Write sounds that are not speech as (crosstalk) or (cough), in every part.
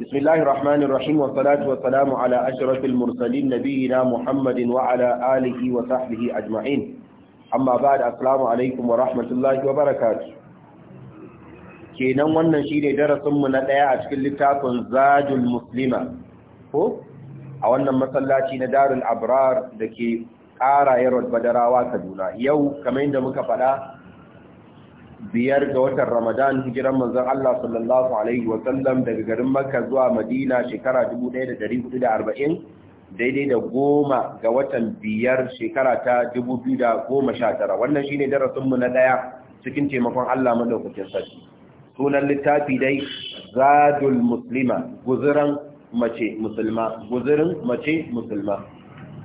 بسم الله الرحمن الرحيم والصلاة والسلام على أشرف المرسلين نبينا محمد وعلى آله وصحبه أجمعين أما بعد السلام عليكم ورحمة الله وبركاته kenan wannan shine darasin mu na ɗaya a cikin littafin Zadul Muslima ko a wannan masallaci na Darul Abrar ke Ƙara Yarod Badarawa Kaduna yau kamar yadda muka faɗa biyar ga watan Ramadan hijiran manzon Allah sallallahu alaihi wa sallam daga garin Makka zuwa Madina shekara 1440 daidai da goma ga watan biyar shekara ta 2019 wannan shine darasin mu na daya cikin taimakon Allah madaukakin sarki sunan littafi dai Zadul Muslima guzuran mace musulma guzurin mace musulma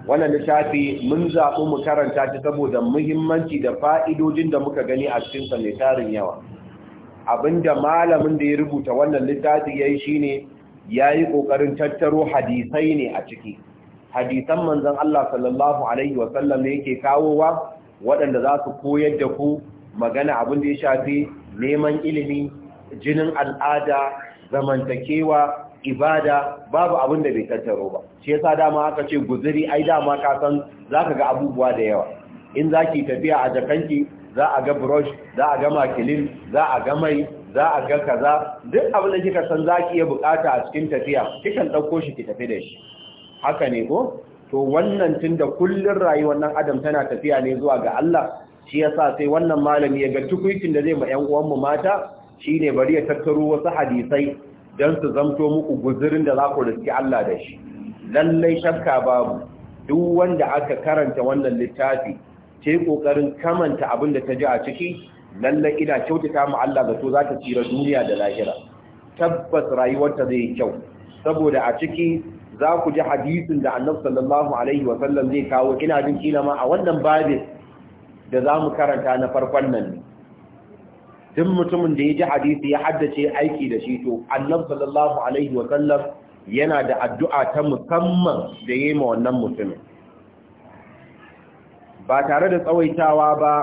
wannan littafi mun zaɓi mu karanta ta saboda muhimmanci da fa'idojin da muka gani a cikin sanitarin yawa abinda malamin da ya rubuta wannan littafi ne ya yi ƙoƙarin tattaro hadisai ne a ciki hadisan manzan Allah sallallahu alaihi wasallam ne yake kawowa waɗanda za su koyar da ku magana abin da ya shafi neman ilimi jinin al'ada zamantakewa ibada babu abin da bai tattaro ba shi yasa dama aka ce guzuri ai dama ka san zaka ga abubuwa da yawa in zaki tafiya a jakanki za a ga brush za a ga makilin za a ga mai za a ga kaza duk abin da kika san zaki iya bukata a cikin tafiya kikan dauko shi ki tafi da shi haka ne ko to wannan tunda kullun rayuwar nan adam tana tafiya ne zuwa ga Allah shi yasa sai wannan malami ya ga tukuitin da zai ma yan uwan mu mata shine bari ya tattaro wasu hadisai don su zamto muku guzirin da za ku riski Allah da shi lallai shakka babu duk wanda aka karanta wannan littafi ce ƙoƙarin kamanta abin da ta ji a ciki lallai ina kyautata mu Allah ga to za ta tsira duniya da lahira tabbas rayuwarta zai yi kyau saboda a ciki za ku ji hadisin da annabi sallallahu alaihi wa sallam zai kawo ina jin kila ma a wannan babin da za mu karanta na farkon nan duk mutumin da ya ji hadisi ya haddace aiki da shi to annabi sallallahu alaihi wa sallam yana da addu'a ta musamman da yayi ma wannan mutumin ba tare da tsawaitawa ba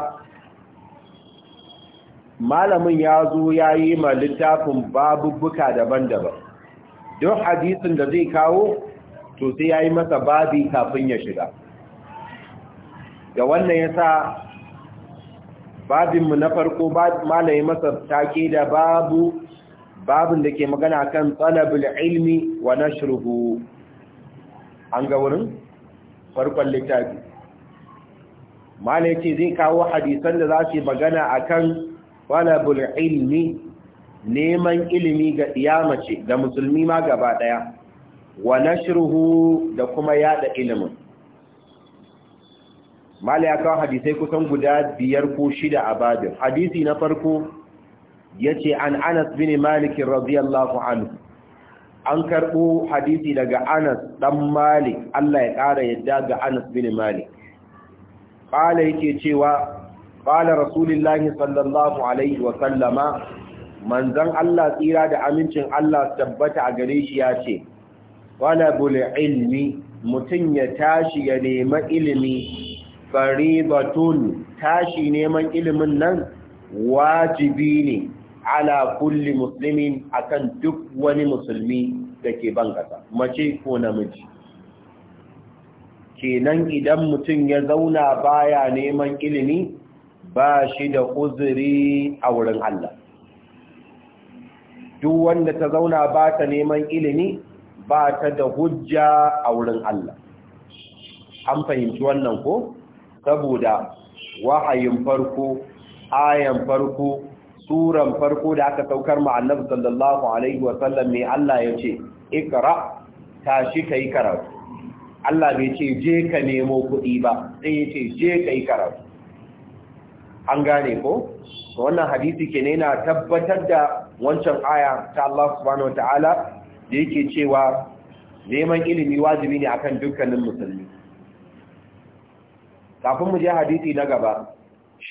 malamin ya zo ya yi ma littafin buka daban-daban duk hadisin da zai kawo to sai ya yi masa babi kafin ya shiga da wannan ya sa babinmu na farko malaye masa ke da babu babin da ke magana kan talabul ilmi wa nashruhu an ga wurin farkon littafi malaye ce zai kawo hadisan da za su magana akan talabul ilmi neman ilimi ga iyamace da musulmi ma gaba daya wa nashruhu da kuma yada ilimin mala ya kawo hadisai kusan guda biyar ko shida a babin hadisi na farko ya ce an anas bin malik radiyallahu anhu an karɓo hadisi daga anas ɗan malik allah ya ƙara yadda ga anas bin malik ƙala yake cewa ƙala rasulillahi sallallahu alaihi wasallama manzan allah tsira da amincin allah tabbata a gare shi ya ce wala bula ilmi mutum ya tashi ya nema ilimi batun tashi neman ilimin nan wajibi ne ala kulli muslimin akan duk wani musulmi da ke ban mace ko namiji kenan idan mutum ya zauna baya neman ilimi ba shi da uzuri a wurin Allah duk wanda ta zauna ba ta neman ilimi ba ta da hujja a wurin Allah an fahimci wannan ko saboda wahayin farko ayan farko suran farko da aka saukar ma annabi sallallahu alaihi wasallam ne Allah ya ce ikra tashi kai karatu Allah bai ce je ka nemo kuɗi ba sai ya ce je kai karatu an gane ko wannan hadisi ke yana tabbatar da wancan aya ta Allah subhanahu ta'ala da yake cewa neman ilimi wajibi ne akan dukkanin musulmi kafin mu je hadisi na gaba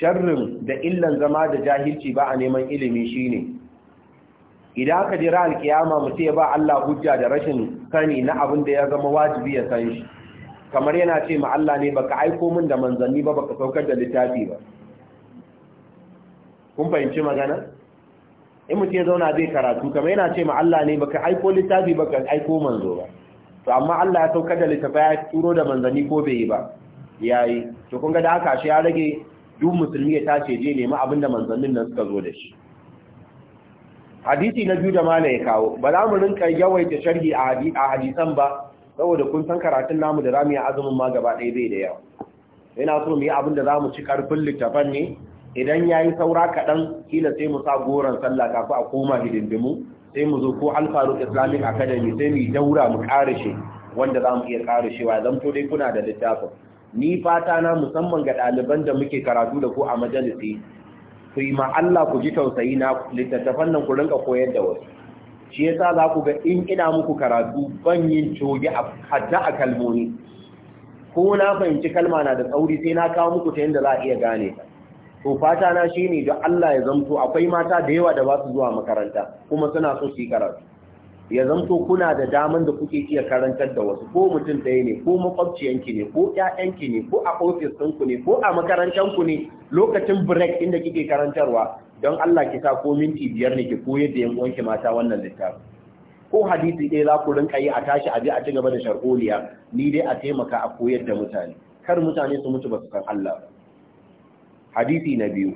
sharrin da illan zama da jahilci ba a neman ilimi shine idan aka jira alkiyama mutum ya ba Allah hujja da rashin sani na abin da ya zama wajibi ya san shi kamar yana ce ma Allah ne baka aiko min da manzanni ba baka saukar da littafi ba kun fahimci magana in mutum ya zauna zai karatu kamar yana ce ma Allah ne baka aiko littafi baka aiko manzo ba to amma Allah ya saukar da littafi ya turo da manzanni ko bai yi ba yayi to kun ga da haka shi ya rage duk musulmi ya tace je nemi abin da manzannin nan suka zo da shi hadisi na biyu da mala ya kawo ba za mu rinka yawaita sharhi a hadisan ba saboda kun san karatun namu da zamu yi azumin ma gaba ɗaya bai da yawa yana so mu yi abin da za mu ci karfin littafan ne idan ya yi saura kaɗan kila sai mu sa goron sallah kafin a koma hidindimu sai mu zo ko alfaru islamic academy sai mu daura mu ƙarashe wanda za mu iya ƙarashewa zan to dai kuna da littafin ni fata na musamman ga ɗaliban da muke karatu da ku a majalisi ku yi ma Allah ku ji tausayi na littattafan nan ku rinka koyar da wasu shi yasa za ku ga in ina muku karatu ban yin coge a hadda a kalmomi ko na fahimci kalma na da tsauri sai na kawo muku ta yadda za a iya gane ta to fata na shine da Allah ya zamto akwai mata da yawa da ba su zuwa makaranta kuma suna so su yi karatu ya zanto kuna da daman da kuke iya karantar da wasu ko mutum ɗaya ne ko makwabciyanki ne ko ƴaƴanki ne ko a ofis ɗinku ne ko a makarantanku ne lokacin break inda kike karantarwa don Allah ki sa ko minti biyar ne ki koyar da yan uwanki mata wannan littafi ko hadisi ɗaya za ku rinka yi a tashi a je a ci gaba da sharholiya ni dai a taimaka a koyar da mutane kar mutane su mutu ba su san Allah hadisi na biyu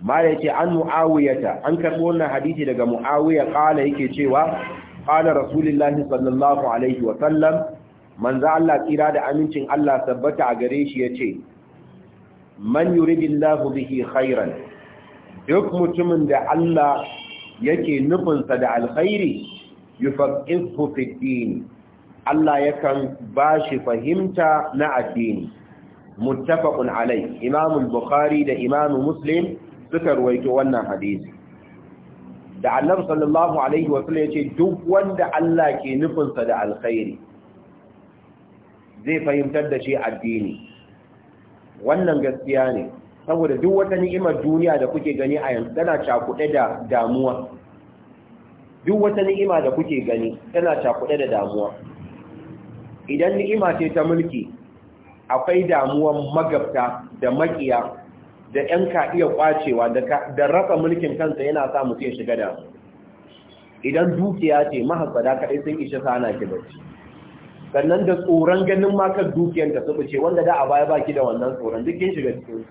mala yake an mu'awiyata an karbo wannan hadisi daga mu'awiya qala yake cewa qala rasulullahi sallallahu alaihi wa sallam manzo Allah tsira da amincin Allah sabbata a gare shi yace man yuridillahu bihi khairan duk mutumin da Allah yake nufinsa da alkhairi yufaqihu fid din Allah yakan bashi fahimta na addini muttafaqun alai imamu bukhari da imam muslim suka ruwaito wannan hadisi da annabi sallallahu alaihi wa sallam yace duk wanda Allah ke nufinsa da alkhairi zai fahimtar da shi addini wannan gaskiya ne saboda duk wata ni'imar duniya da kuke gani a yanzu tana cakuɗe da damuwa duk wata ni'ima da kuke gani tana cakuɗe da damuwa idan ni'ima ce ta mulki akwai damuwan magabta da makiya da ‘yan ka iya kwacewa da rasa mulkin kansa yana sa mutum ya shiga da idan dukiya ce mahasada kaɗai sun ishe sana ki bacci sannan da tsoron ganin makar dukiyar ta suɓu ce wanda da a baya baki da wannan tsoron dukkin shiga cikin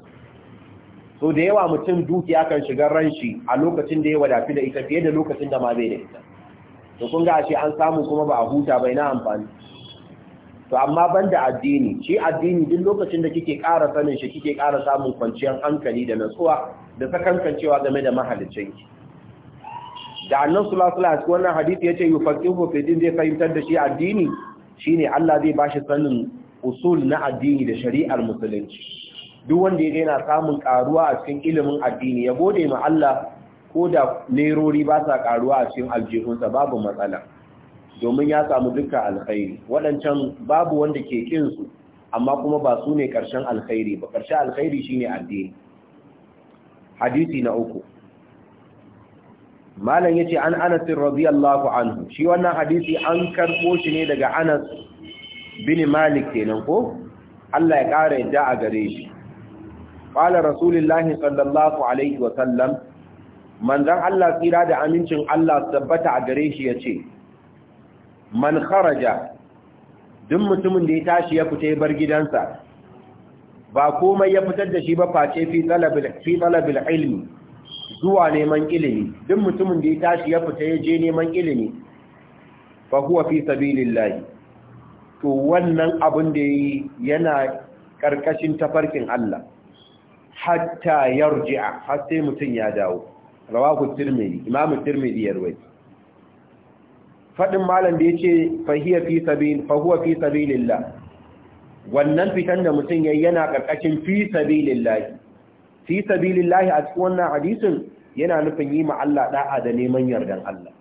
so da yawa mutum dukiya kan shiga ran shi a lokacin da ya wadafi da ita fiye da lokacin da ma bai da ita to kun ga ashe an samu kuma ba a huta bai na amfani to amma banda addini shi addini duk lokacin da kike ƙara sanin shi kike ƙara samun kwanciyar hankali da natsuwa da sakankancewa game da mahaliccinki da annan sulasula wannan hadisi ya ce yi din fidin zai fahimtar da shi addini shine Allah zai bashi sanin usul na addini da shari'ar musulunci duk wanda ya yana samun karuwa a cikin ilimin addini ya gode ma Allah ko da nerori ba sa karuwa a cikin aljihunsa babu matsala domin ya samu duka alkhairi waɗancan babu wanda ke kinsu amma kuma ba su ne ƙarshen alkhairi ba ƙarshen alkhairi ne addini hadisi na uku malam ya ce an Anasin, radiyallahu anhu shi wannan hadisi an karɓo shi ne daga Anas bin Malik kenan ko Allah ya ƙara yadda a gare shi qala rasulullahi sallallahu alaihi wa sallam manzon Allah tsira da amincin Allah tabbata a gare shi ce. man kharaja duk mutumin da ya tashi ya fita bar gidansa ba komai ya fitar da shi ba face fi talabil ilmi zuwa neman ilimi duk mutumin da ya tashi ya fita ya je neman ilimi fa huwa fi sabilillah to wannan abin da yi yana karkashin tafarkin Allah hatta yarji'a har sai mutum ya dawo rawahu tirmidhi imamu tirmidhi ya faɗin malam da ya ce fahiya fi sabil fahuwa fi sabilillah wannan fitan da mutum yayi yana karkashin fi sabilillah fi sabilillah a cikin wannan hadisin yana nufin yi ma Allah da'a da neman yardan Allah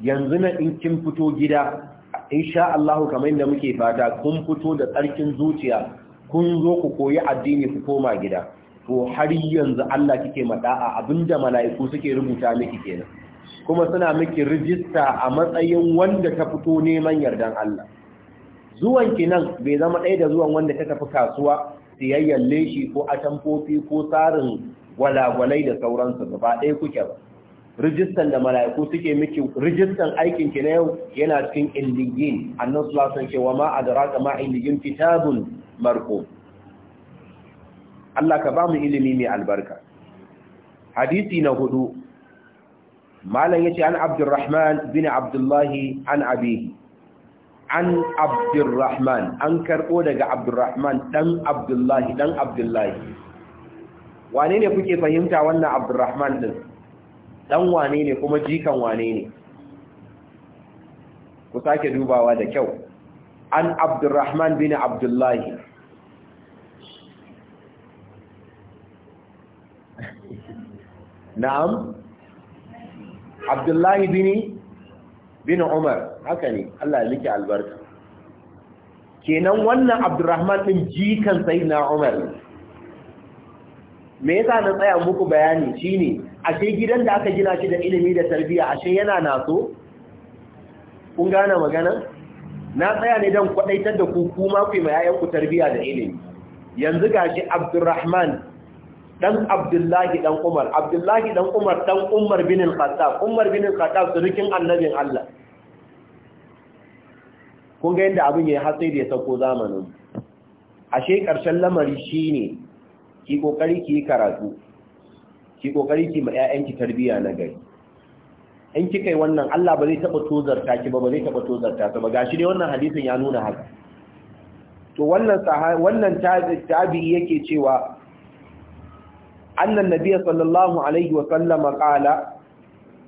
yanzu na in kin fito gida insha Allah kamar yadda muke fata kun fito da tsarkin zuciya kun zo ku koyi addini ku koma gida to har yanzu Allah kike ma ɗa'a abinda mala'iku suke rubuta miki kenan kuma suna miki rijista a matsayin wanda ta fito neman yardan Allah zuwan ki nan bai zama ɗaya da zuwan wanda ta tafi kasuwa siyayyar leshi ko atamfofi ko tsarin gwalagwalai da sauransu Ba ɗaya kuke ba rijistan da mala'iku suke miki rijistan aikin ki na yau yana cikin indigin annan su cewa ma a daraka ma indigin kitabun marko Allah ka ba mu ilimi mai albarka hadisi na hudu malam yace an abdurrahman bin abdullahi an abihi an abdurrahman an karbo daga abdurrahman dan abdullahi dan abdullahi wane ne kuke fahimta wannan abdurrahman din dan wane ne kuma jikan wane ne ku sake dubawa da kyau an abdurrahman bin abdullahi (laughs) na'am abdullahi bini bin umar haka ne Allah ya miki albarka kenan wannan abdurrahman din jikan sai na umar me yasa na tsaya muku bayani shine ashe gidan da aka gina shi da ilimi da tarbiyya ashe yana naso kun gane magana na tsaya ne dan kwadaitar da ku kuma ku mai ku tarbiyya da ilimi yanzu gashi abdurrahman dan Abdullahi dan Umar Abdullahi dan Umar dan Umar bin Al-Khattab Umar bin Al-Khattab surukin annabin Allah kun ga yadda abin ya hatsai da ya sauko zamanin ashe karshen lamari shine ki kokari ki karatu ki kokari ki ma ƴaƴanki tarbiya na gari in kika yi wannan Allah ba zai taba tozarta ki ba ba zai taba tozarta ta ba gashi dai wannan hadisin ya nuna haka to wannan wannan tabi'i yake cewa annan nabiya sallallahu alaihi wa sallama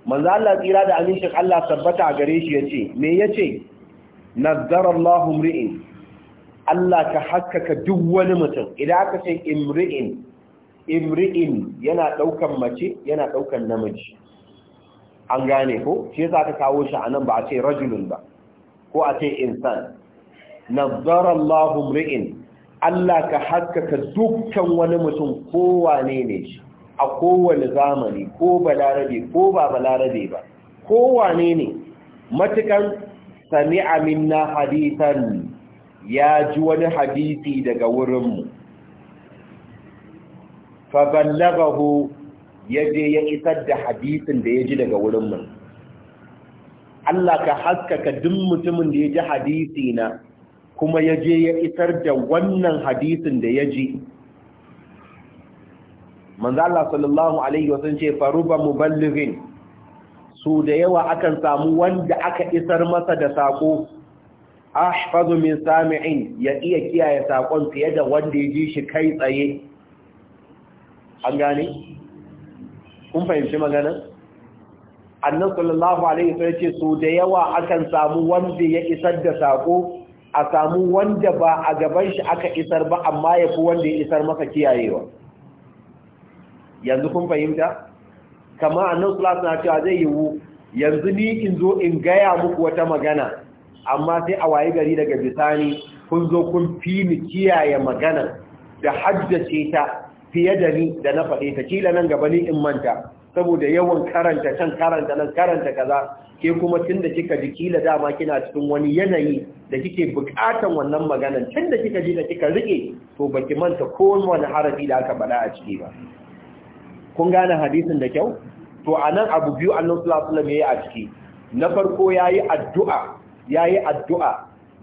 manzo Allah tsira da amincin Allah tabbata a gare shi yace me yace nazzara Allahu mri'in Allah ka hakkaka duk wani mutum idan aka ce imri'in imri'in yana daukan mace yana daukan namiji an gane ko shi yasa aka kawo shi anan ba a ce rajulun ba ko a ce insan nazzara Allahu mri'in Allah ka haskaka dukkan wani mutum wane ne shi a kowane zamani ko balarabe ko ba balarabe ba wane ne matukan sami'a minna hadisan ya ji wani hadisi daga wurinmu fa ballagahu ya ya isar da hadisin da ya ji daga wurinmu Allah ka haskaka duk mutumin da ya ji hadisi na kuma ya je ya isar da wannan hadisin da ya ji manzo Allah sallallahu alaihi wasallam ce faruba muballighin su da yawa akan samu wanda aka isar masa da sako ahfazu min sami'in ya iya kiyaye sakon fiye da wanda ya ji shi kai tsaye an gane kun fahimci magana annabi sallallahu alaihi wasallam ce su da yawa akan samu wanda ya isar da sako a samu wanda ba a gaban shi aka isar ba amma ya fi wanda ya isar maka kiyayewa yanzu kun fahimta kama annan sulas na cewa zai yiwu yanzu ni in zo in gaya muku wata magana amma sai a waye gari daga bisani kun zo kun fi ni kiyaye magana da haddace ta fiye da ni da na faɗe ta kila nan gaba ni in manta saboda yawan karanta can karanta nan karanta kaza ke kuma tun da kika ji kila dama kina cikin wani yanayi da kike bukatan wannan maganan tun da kika ji da kika rike to baki manta kowane harafi da aka bada a ciki ba kun gane hadisin da kyau to anan abu biyu annabi sallallahu alaihi wasallam yi a ciki na farko yayi addu'a yayi addu'a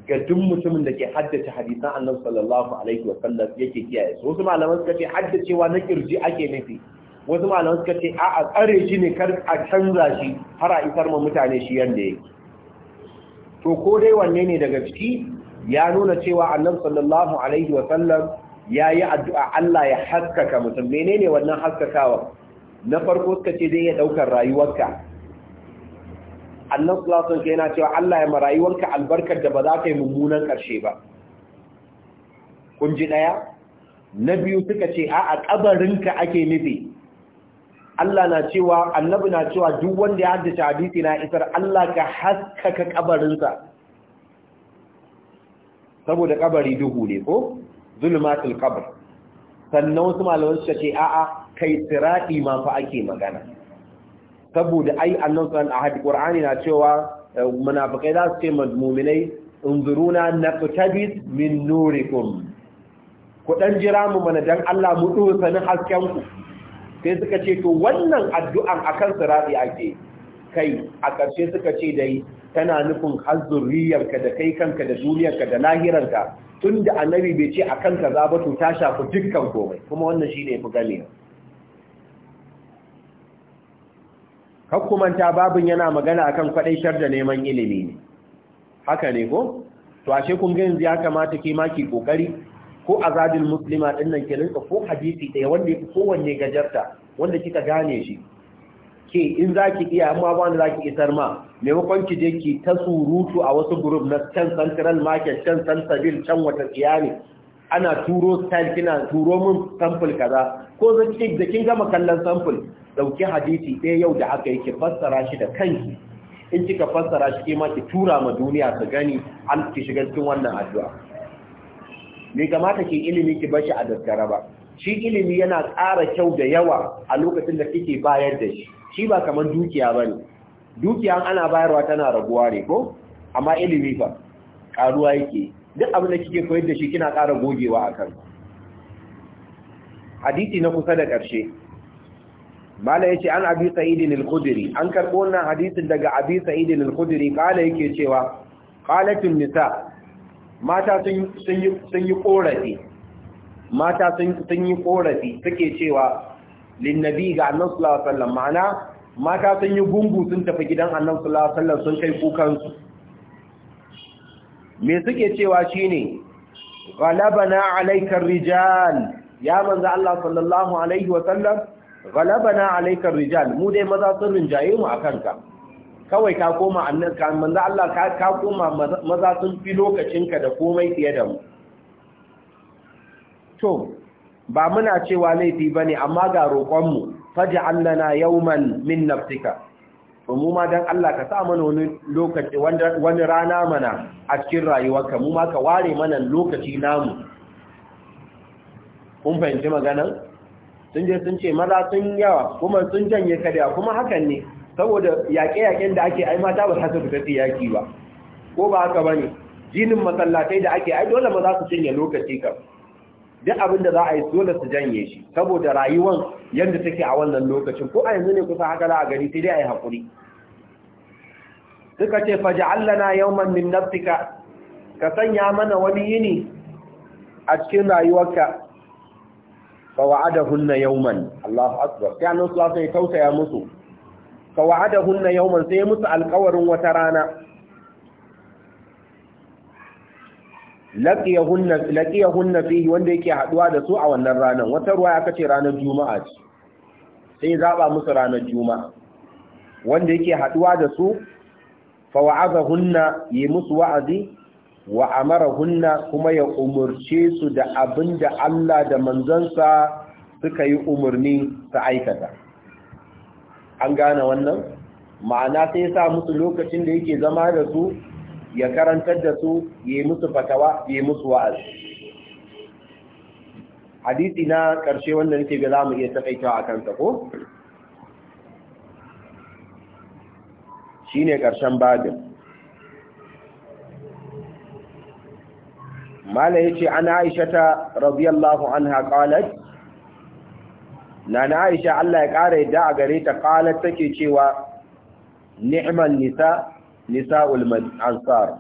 ga duk mutumin da ke haddace hadisan annabi sallallahu alaihi wasallam yake kiyaye su wasu malaman suka ce haddacewa na kirji ake nufi wasu malaman suka ce a tsare shi ne kar a canza shi har a isar ma mutane shi yanda yake to ko dai wanne ne daga ciki ya nuna cewa annabi sallallahu alaihi wa sallam yayi addu'a Allah ya haskaka mutum menene wannan haskakawa na farko suka ce zai ya daukar rayuwarka annabi sallallahu alaihi wa yana cewa Allah ya marayuwarka albarkar da ba za ka yi mummunan karshe ba kun ji daya na biyu suka ce a a kabarinka ake nufi Allah na cewa annabi na cewa duk wanda ya haddace hadisi na isar Allah ka haskaka kabarinsa saboda kabari duhu ne ko zulmatul qabr sannan wasu malaman suka ce a'a kai sirati ma fa ake magana saboda ai annabi a alaihi qur'ani na cewa eh, munafikai za su ce mu'minai unzuruna naqtabis min nurikum ku dan jira mu mana dan Allah mu dosa sanin hasken ku sai suka ce to wannan addu'an akan sirati ake kai a ƙarshe suka ce dai tana nufin hazzuriyarka da kai kanka da duniyarka da lahirarka tun da annabi bai ce a kanka za ba to ta shafi dukkan komai kuma wannan shi ne fi gane hakkumanta babin yana magana akan kwaɗaitar da neman ilimi ne haka ne ko to ashe kun ga yanzu ya kamata ke maki ƙoƙari ko Azabin muslima din nan ke rinka ko hadisi ɗaya wanda ya fi kowanne gajarta wanda kika gane shi ke in za ki iya amma ba za ki isar ma maimakon ki je ki ta surutu a wasu group na can central market can sansabil can wata tsiyani ana turo style kina turo min sample kaza ko da kin gama kallon sample ɗauki hadisi ɗaya yau da haka yake fassara shi da kanki in kika fassara shi ke ma ki tura ma duniya su gani an ki shiga cikin wannan addu'a bai kamata ke ilimi ki bashi a daskara ba shi ilimi yana ƙara kyau da yawa a lokacin da kike bayar da shi shi ba kamar dukiya ba ne. dukiya ana bayarwa tana raguwa ne ko amma ilimi ba, ƙaruwa yake duk abin da kike koyar da shi kina ƙara gogewa akan hadisi na kusa da ƙarshe mala yace an abi sa'idin al-khudri an karɓo wannan hadisin daga abi sa'idin al-khudri kala yake cewa qalatun nisa mata sun yi korafi mata sun yi korafi suke cewa linnabi ga annan sulawa sallan ma'ana mata sun yi gungu sun tafi gidan annan sulawa sallan sun kai kukansu me suke cewa shi ne na alaikar rijal ya manza Allah sallallahu alaihi wasallam na alaikar rijal mu dai maza sun rinjaye mu a kanka kawai ka koma annan ka manzo Allah ka ka koma maza sun fi lokacinka da komai fiye da mu to ba muna cewa laifi bane amma ga roƙon mu faj'al lana yawman min nafsika mu ma dan Allah ka sa mana wani lokaci wani rana mana a cikin rayuwarka mu ma ka ware mana lokaci namu kun fahimci maganan sun je sun ce maza sun yawa kuma sun janye kada kuma hakan ne saboda yaƙe-yaƙen da ake ai mata ba ta su fita yaƙi ba ko ba haka bane jinin masallatai da ake ai dole ma za su cinye lokaci kan duk abin da za a yi dole su janye shi saboda rayuwar yadda take a wannan lokacin ko a yanzu ne kusa haka za a gani sai dai a yi haƙuri suka ce faja'allana yawman min nafsika ka sanya mana wani yini a cikin rayuwarka fa wa'adahunna yawman Allahu akbar sai annabi sallallahu alaihi wasallam ya tausaya musu fa wa'adahunna yawman sai musu alƙawarin wata rana laqiyahunna laqiyahunna fihi wanda yake haduwa da su a wannan ranar wata ruwa aka ce ranar juma'a ce sai zaba musu ranar juma'a wanda yake haduwa da su fa wa'adahunna yi musu wa'azi wa amarahunna kuma ya umurce su da abinda Allah da manzansa suka yi umurni su aikata an gane wannan ma'ana sai sa musu lokacin da yake zama da su ya karantar da su ya musu fatawa ya musu wa'azi hadisi na ƙarshe wanda nake ga zamu iya takaitawa akan sa ko shine ƙarshen babin mala yace ana aisha ta radiyallahu anha qalat nana Aisha Allah ya ƙara yadda a gare ta qalat take cewa ni'mal nisa nisa'ul ansar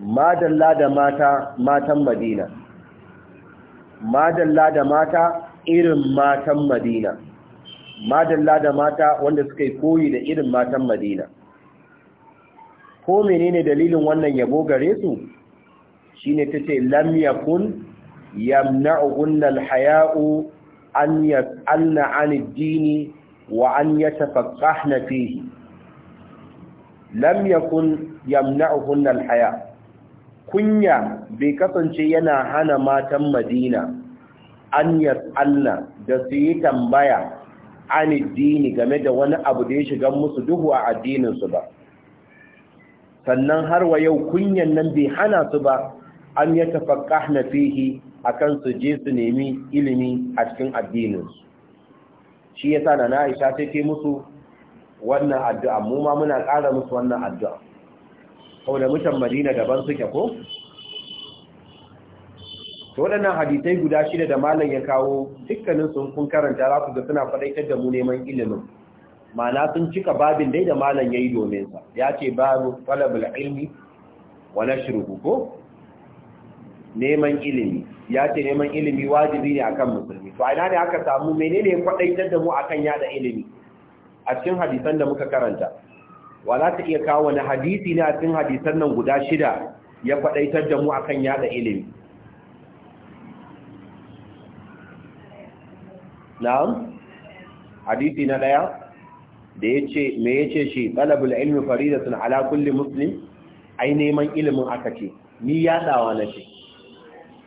madalla da mata matan Madina madalla da mata irin matan Madina madalla da mata wanda suka yi koyi da irin matan Madina ko menene dalilin wannan yabo gare su shine tace lam yakun yamna'uhunna al-haya'u an yas'alna 'an ad wa an yatafaqqahna fihi lam yakun yamna'uhunna al-haya' kunya bai kasance yana hana matan Madina an yas'alna da su yi tambaya an dini game da wani abu da ya shiga musu duhu a addininsu ba sannan har wa yau kunyan nan bai hana su ba an ya tafakka fihi akan su je su nemi ilimi a cikin addininsu shi yasa da na aisha sai ke musu wannan addu'a mu ma muna ƙara musu wannan addu'a sau da mutan madina daban suke ko? to waɗannan hadisai guda shida da malam ya kawo dukkanin sun kun karanta za ku ga suna faɗaitar da mu neman ilimin ma'ana sun cika babin dai da malam ya yi domin sa ya ce babu falabul ilmi wa nashruhu ko neman ilimi ya ce neman ilimi wajibi ne akan musulmi to ina ne aka samu menene kwadaitar da mu akan yada ilimi a cikin hadisan da muka karanta wala ta iya kawo wani hadisi ne a cikin hadisan nan guda shida ya kwadaitar da mu akan yada ilimi na'am hadisi na daya da yace me yace shi talabul ilmi faridatun ala kulli muslim ai neman ilimin aka ce ni yadawa na shi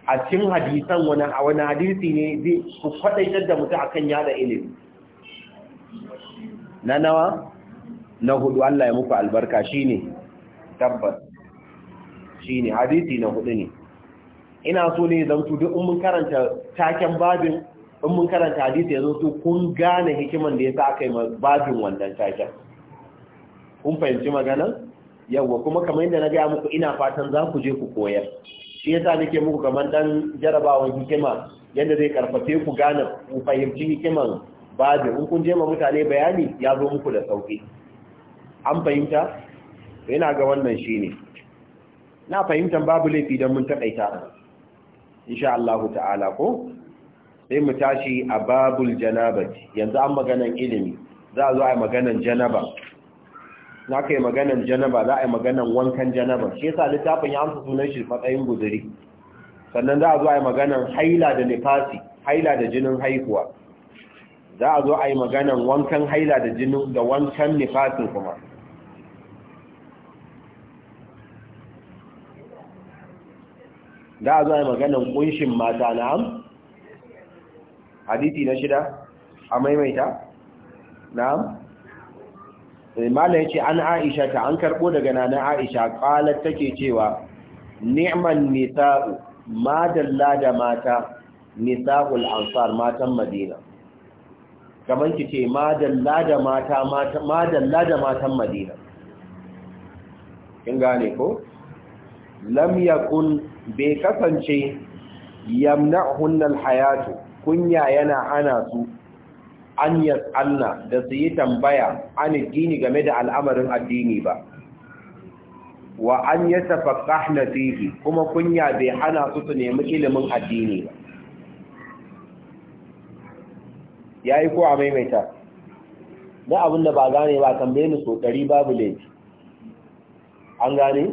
a cikin hadisan wani a wani hadisi ne zai ku kwadaitar da mutum akan yada ilimi na nawa na hudu Allah ya muku albarka shine tabbas shine hadisi na hudu ne ina so ne zantu duk in mun karanta taken babin in mun karanta hadisi yanzu su kun gane hikiman da yasa aka yi babin wannan taken kun fahimci magana yawwa kuma kamar yadda na gaya muku ina fatan za ku je ku koyar shi yasa nake muku kamar dan jarabawan hikima yadda zai karfafe ku gane ku fahimci hikiman babu in kun je ma mutane bayani ya zo muku da sauki an fahimta yana ga wannan shine na fahimtan babu laifi dan mun takaita insha Allah ta'ala ko sai mu tashi a babul janabati yanzu an maganan ilimi za a zo a maganan janaba na kai maganan janaba za a yi maganan wankan janaba shi yasa littafin ya amsa sunan shi matsayin guduri sannan za a zo a yi maganan haila da nifasi haila da jinin haihuwa za a zo a yi maganan wankan haila da jinin da wankan nifasin kuma za a zo a yi maganan kunshin mata na am hadisi na shida a maimaita na am malam yace an Aisha ta an karbo daga nana Aisha qalat take cewa ni'man nisa'u ma dalla da mata nisa'ul ansar matan Madina kaman kice ma dalla da mata ma dalla da matan Madina kin gane ko lam yakun bai kasance yamna'hunnal hayatu, kunya yana ana su an yas'alna da su yi tambaya an addini game da al'amarin addini ba wa an yatafaqqahna fihi kuma kunya bai hana su su nemi ilimin addini ba yayi ko a maimaita da abin da ba gane ba tambaye ni so dari babu laifi an gane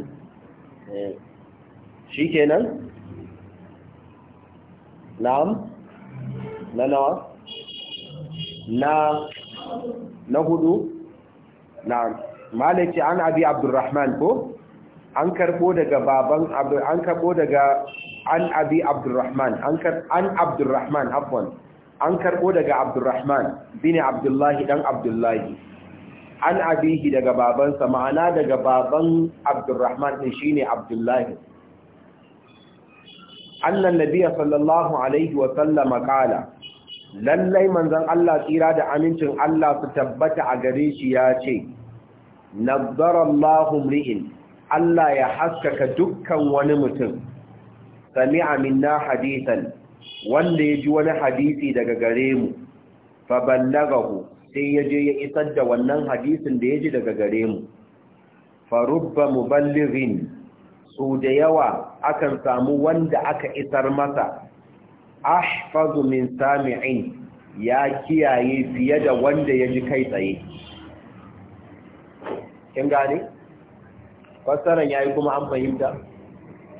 eh. shikenan na'am na nawa na na hudu na malaki an abi abdurrahman ko an karbo daga baban abu an karbo daga an abi abdurrahman an abdurrahman an karbo daga abdurrahman bin abdullahi dan abdullahi an abihi daga babansa ma'ana daga baban abdurrahman din shine abdullahi annan nabiyya sallallahu alaihi wa sallama lallai manzan Allah tsira da amincin Allah su tabbata a gare shi ya ce nazarallahu mri'in Allah ya haskaka dukkan wani mutum sami'a na hadisan wanda ya ji wani hadisi daga gare mu fa ku sai ya je ya isar da wannan hadisin da ya ji daga gare mu farubba muballighin su da yawa akan samu wanda aka isar masa ahfazu min sami'in ya kiyaye fiye da wanda ya ji kai tsaye kin gane fassaran yayi kuma an fahimta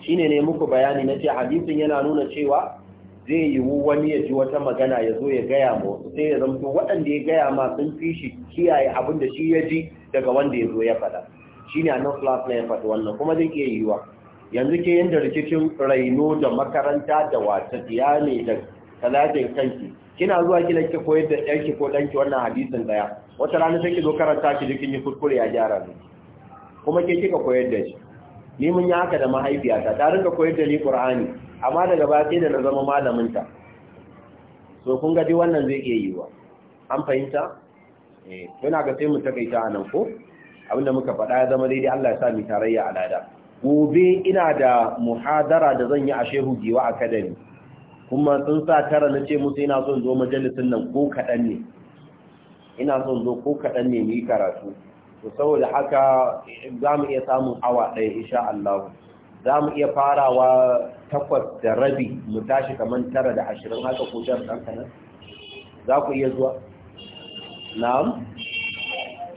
shine ne muku bayani na ce hadisin yana nuna cewa zai yiwu wani ya ji wata magana ya zo ya gaya ma sai ya zamto waɗanda ya gaya ma sun fi kiyaye abin da shi ya ji daga wanda ya zo ya faɗa shine annabi sallallahu alaihi wasallam ya faɗi wannan kuma zai iya yiwuwa yanzu ke yin da rikicin raino da makaranta da wata tsiya ne da talatin kanki kina zuwa kina ke koyar da ɗanki ko ɗanki wannan hadisin daya wata rana sai ki zo karanta ki jikin yi kuskure ya gyara ne kuma ke kika koyar da shi ni mun yi haka da mahaifiyata ta rinka koyar da ni qur'ani amma daga baya sai da na zama malamin ta so kun ga wannan zai iya yiwa an fahimta eh ga sai mu takaita anan ko abinda muka faɗa ya zama daidai Allah ya sa mu tarayya alada gobe ina da muhadara da zan yi a shehu giwa akadami kuma sun sa tara na ce musu ina son zo majalisun nan ko kaɗan ne ina son zo ko kaɗan ne yi karatu to saboda haka za mu iya samun awa ɗaya isha Allah za mu iya farawa takwas da rabi mu tashi kamar tara da ashirin haka ko jar ɗan kanan za ku iya zuwa na'am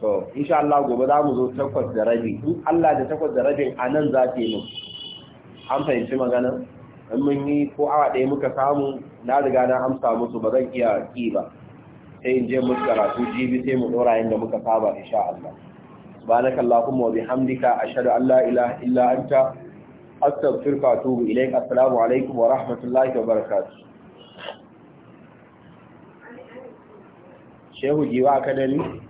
to insha Allah gobe za mu zo takwas da rabi in Allah da takwas da rabin a nan za ta yi mu an fahimci magana in mun yi ko awa ɗaya muka samu na riga na amsa musu ba zan iya ki ba sai in je musu karatu jibi sai mu ɗora yadda muka saba insha Allah subhanaka allahumma wa bihamdika ashhadu an la ilaha illa anta astaghfiruka wa atubu ilayk assalamu alaikum wa rahmatullahi wa barakatuh Shehu Jiwa Akademi,